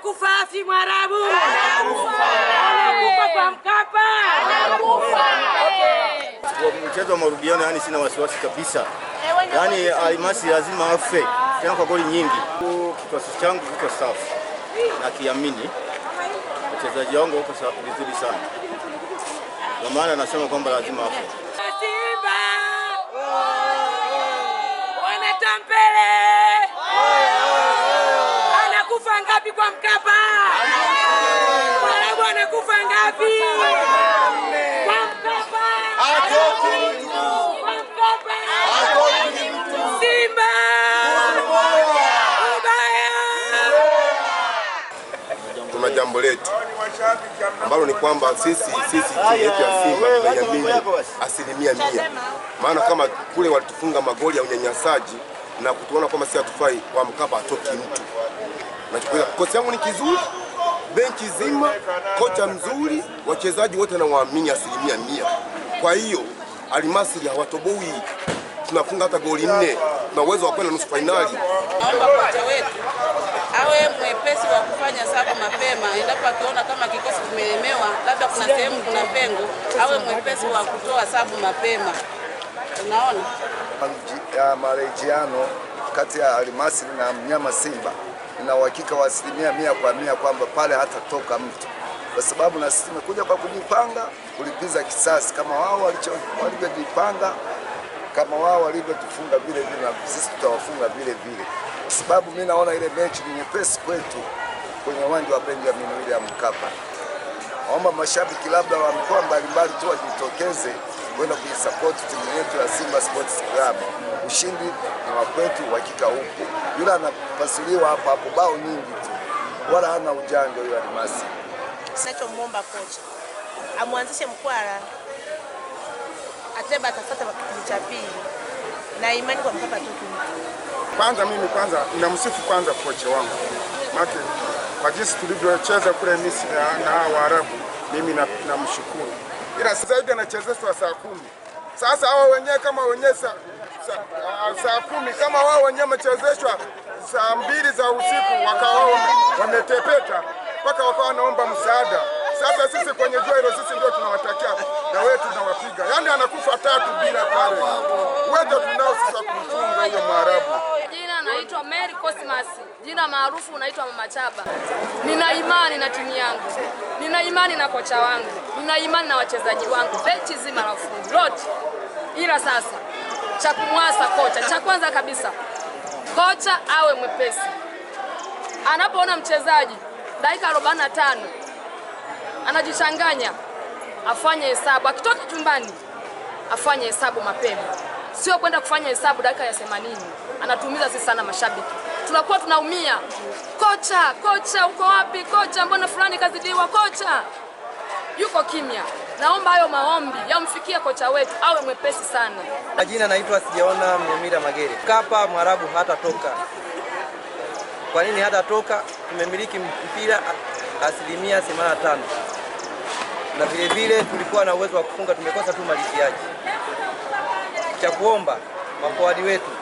anakufa si Mwarabu? Anakufa. Anakufa kwa Mkapa? Anakufa. Mchezo wa marudiano, yani sina wasiwasi kabisa, eh, yani Almasi lazima afe tena kwa goli nyingi. Kikosi changu kiko safu nakiamini wachezaji wangu wako vizuri sana, kwa maana nasema kwamba lazima afe Simba. jambo letu ambalo ni kwamba sisi sisi timu yetu ya Simba tunaiamini asilimia mia, maana kama kule walitufunga magoli ya unyanyasaji na kutuona kwamba si hatufai kwa Mkapa atoki mtu. Nachukua kocha yangu ni kizuri, benchi zima, kocha mzuri, wachezaji wote nawaamini asilimia mia. Kwa hiyo Almasri hawatoboi, tunafunga hata goli nne, na uwezo wa kwenda nusu fainali. kocha wetu awe mwepesi wa kufanya sabu mapema, endapo akiona kama kikosi kimelemewa, labda kuna sehemu kuna pengo, awe mwepesi wa kutoa sabu mapema. Unaona ya marejiano kati ya Almasry na mnyama Simba ina uhakika wa asilimia mia kwa mia kwamba pale hatatoka mtu, kwa sababu na sisi tumekuja kwa kujipanga kulipiza kisasi kama wao walivyojipanga kama wao walivyotufunga vile vile, na sisi tutawafunga vile vile, kwa sababu mi naona ile mechi ni nyepesi kwetu kwenye uwanja wa Benjamin William Mkapa. Naomba mashabiki labda wa mikoa mbalimbali tu wajitokeze kwenda kuisapoti timu yetu ya Simba Sports Club. Ushindi ni wa kwetu, uhakika upo. Yule anapasuliwa hapo hapo bao nyingi tu, wala hana ujanja huyo Almasi. Ninachomwomba kocha amwanzishe mkwara Ateba kipindi cha pili, na imani kwa Kwanza mimi kwanza msifu kwanza kocha wangu Maki, kwa jinsi tulivyocheza kule Misri na hao Waarabu, mimi namshukuru na ila zaidi anachezeshwa saa kumi. Sasa hao wenyewe kama wenyewe saa, saa, ah, saa kumi kama wao wenyewe wamechezeshwa saa mbili za usiku wakawa wametepeta mpaka wakawa wanaomba msaada. Sasa sisi kwenye jua sisi ndio tunawatakia na wewe tunawapiga, yaani anakufa tatu bila pale. Wewe tunao sasa kumfunga hiyo Mwarabu. Jina anaitwa Mary Cosmas, jina maarufu unaitwa Mama Chaba. Nina imani na timu yangu, nina imani na kocha wangu, nina imani na wachezaji wangu, benchi zima la ufundi lote. Ila sasa cha kumwasa kocha, cha kwanza kabisa kocha awe mwepesi anapoona mchezaji dakika 45 anajichanganya, afanye hesabu. Akitoka chumbani afanye hesabu mapema, sio kwenda kufanya hesabu dakika ya 80. Anatuumiza sisi sana mashabiki, tunakuwa tunaumia. Kocha, kocha uko wapi? Kocha, mbona fulani kazidiwa? Kocha yuko kimya. Naomba hayo maombi yamfikie kocha wetu, awe mwepesi sana. Majina naitwa sijaona Mnyamira Magere. Kapa Mwarabu hata toka Kwa nini toka Tumemiliki mpira asilimia 85 na vile vile tulikuwa na uwezo wa kufunga, tumekosa tu maliziaji. Cha kuomba makoadi wetu